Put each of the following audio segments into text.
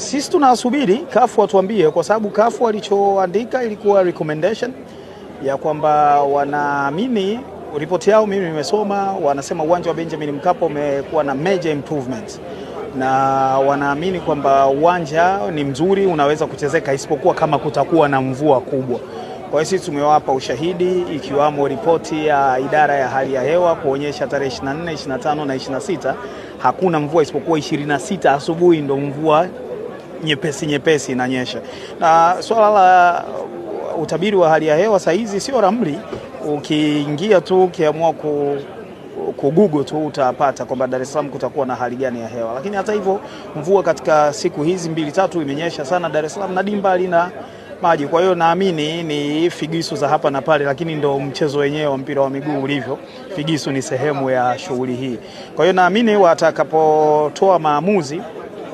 Sisi tunasubiri kafu watuambie, kwa sababu kafu walichoandika ilikuwa recommendation ya kwamba wanaamini ripoti yao, mimi nimesoma, wanasema uwanja wa Benjamin Mkapa umekuwa na major improvement na wanaamini kwamba uwanja ni mzuri, unaweza kuchezeka, isipokuwa kama kutakuwa na mvua kubwa. Kwa hiyo sisi tumewapa ushahidi ikiwamo ripoti ya idara ya hali ya hewa kuonyesha tarehe 24, 25 na 26 hakuna mvua isipokuwa 26 asubuhi ndo mvua nyepesi nyepesi inanyesha. Na swala la utabiri wa hali ya hewa saa hizi sio ramli, ukiingia tu ukiamua ku kugugo tu utapata kwamba Dar es Salaam kutakuwa na hali gani ya hewa. Lakini hata hivyo, mvua katika siku hizi mbili tatu imenyesha sana Dar es Salaam na dimba lina maji. Kwa hiyo naamini ni figisu za hapa na pale, lakini ndo mchezo wenyewe wa mpira wa miguu ulivyo. Figisu ni sehemu ya shughuli hii. Kwa hiyo naamini watakapotoa maamuzi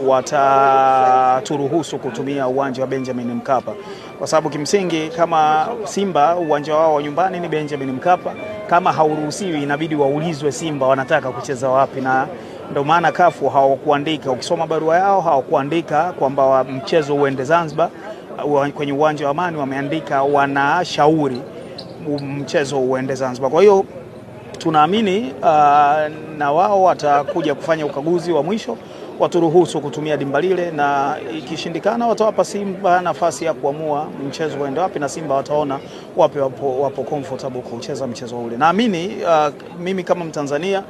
wataturuhusu kutumia uwanja wa Benjamin Mkapa, kwa sababu kimsingi kama Simba uwanja wao wa nyumbani ni Benjamin Mkapa, kama hauruhusiwi inabidi waulizwe Simba wanataka kucheza wapi, na ndio maana kafu hawakuandika. Ukisoma barua yao hawakuandika kwamba mchezo uende Zanzibar kwenye uwanja wa Amani, wameandika wanashauri mchezo uende Zanzibar. Kwa hiyo tunaamini uh, na wao watakuja kufanya ukaguzi wa mwisho waturuhusu kutumia dimba lile, na ikishindikana watawapa Simba nafasi ya kuamua mchezo waende wapi, na Simba wataona wapi wapo, wapo comfortable kucheza mchezo ule. Naamini uh, mimi kama Mtanzania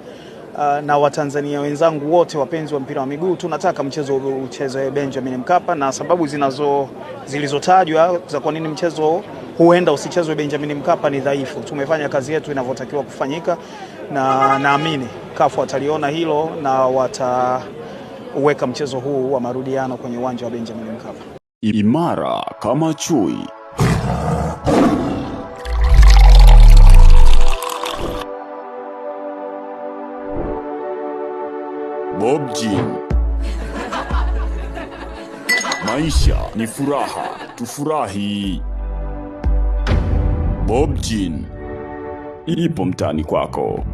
uh, na Watanzania wenzangu wote wapenzi wa mpira wa miguu tunataka mchezo uchezwe Benjamin Mkapa, na sababu zinazo zilizotajwa za kwa nini mchezo huenda usichezwe Benjamin Mkapa ni dhaifu. Tumefanya kazi yetu inavyotakiwa kufanyika, na naamini kafu wataliona hilo na wataweka mchezo huu wa marudiano kwenye uwanja wa Benjamin Mkapa. Imara kama chui. Bob Jean. Maisha ni furaha, tufurahi. Bob Jean ipo mtaani kwako.